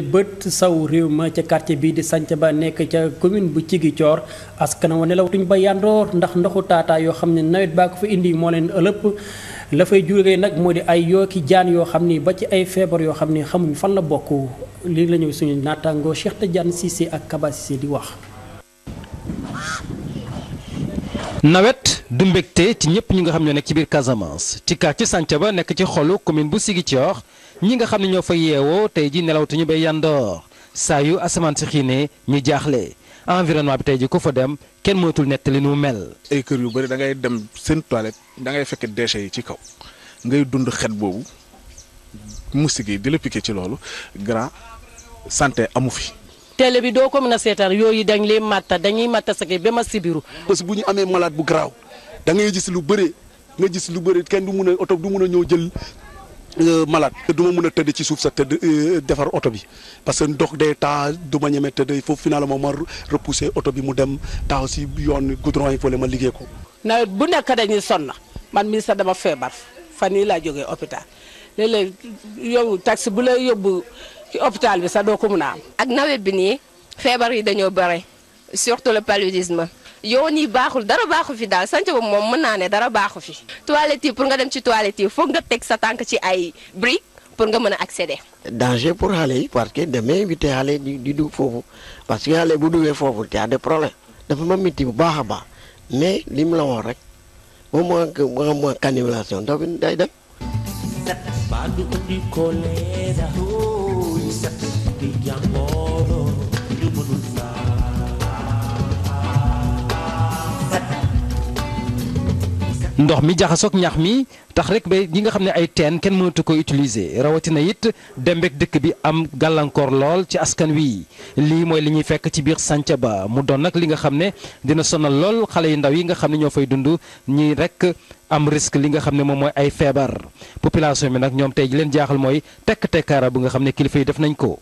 bët saw réew ma ca quartier bii di ba nekk ca commune bu Ziguinchor askan wa nelawtuñ ba yandoor ndax ndoxu taataay yoo xam ne nawet baa ko fa indi moo leen ëlëpp la fay juree nag moo di ay yooki jaan yoo xam ni ba ci ay feebar yoo xam ni xamuñ fan la bokk lii la ñëw suñu naataangoo Cheikh Tidiane Cissé ak Kaba Cissé di wax nawet du mbégte ci ñëpp ñu nga xam ne nekk ci biir Casamance ci quartier ba nekk ci xolu commune bu Ziguinchor ñi nga xam ne ñoo fa yeewoo tey ji nelawtuñu bay yandoor saa yu asamaan si xiinee ñu jaaxle environnement bi tey ji ku fa dem kenn mënatul nettali nu mel. ay kër yu bëri da ngay dem seen toilette da ngay fekk déchets yi ci kaw ngay dund xet boobu moustique yi di la ci loolu grand santé amu fi. télé bi doo ko mën a seetaan yooyu dañ lay matta dañuy matta sake ba ma sibiru parce que bu ñu amee malade bu garaaw da ngay gis lu bëre nga gis lu bëre kenn du mun a oto du mun a ñëw jël euh, malaat du ma mun a tëdd ci suuf sa tëdd euh, defar oto bi parce que ndox day taa du ma ñeme tëdd il faut finalement ma repousser oto bi mu dem taxaw si yoon goudron yi fële ma liggéey ko. nawet bu nekk dañuy sonn man mii sax dama feebar fan yii laa jógee hôpital léeg-léeg yow taxi bu lay yóbbu. ci hôpital bi sax doo ko mun a ak nawet bi nii feebar yi dañoo bare surtout le paludisme. yoon yi baaxul dara baaxu fi daal sanc boobu moom mën naa ne dara baaxu fi. toilette yi pour nga dem ci toilette yi foog nga teg sa tànk ci ay briques pour nga mën a accéder. danger pour xale yi parce que damay invité xale di di dugg foofu parce que xale bu duggee foofu te a des problèmes dafa ma métti bu baax a baax mais li la woon rek au moins que au moins canalisation dafay dem. ndox mi jaxasoog ñax mi tax rek ba ñi nga xam ne ay teen kenn mënatu ko utiliser rawatina it dembeek dëkk bi am gàllankoor lool ci askan wi lii mooy li ñuy fekk ci biir sànca ba mu doon nag li nga xam ne dina sonal lool xale yu ndaw yi nga xam ne ñoo fay dund ñi rek am risque li nga xam ne moom mooy ay feebar population bi nag ñoom tey ji leen jaaxal mooy tekk tekkaara bu nga xam ne kilifa yi def nañ ko.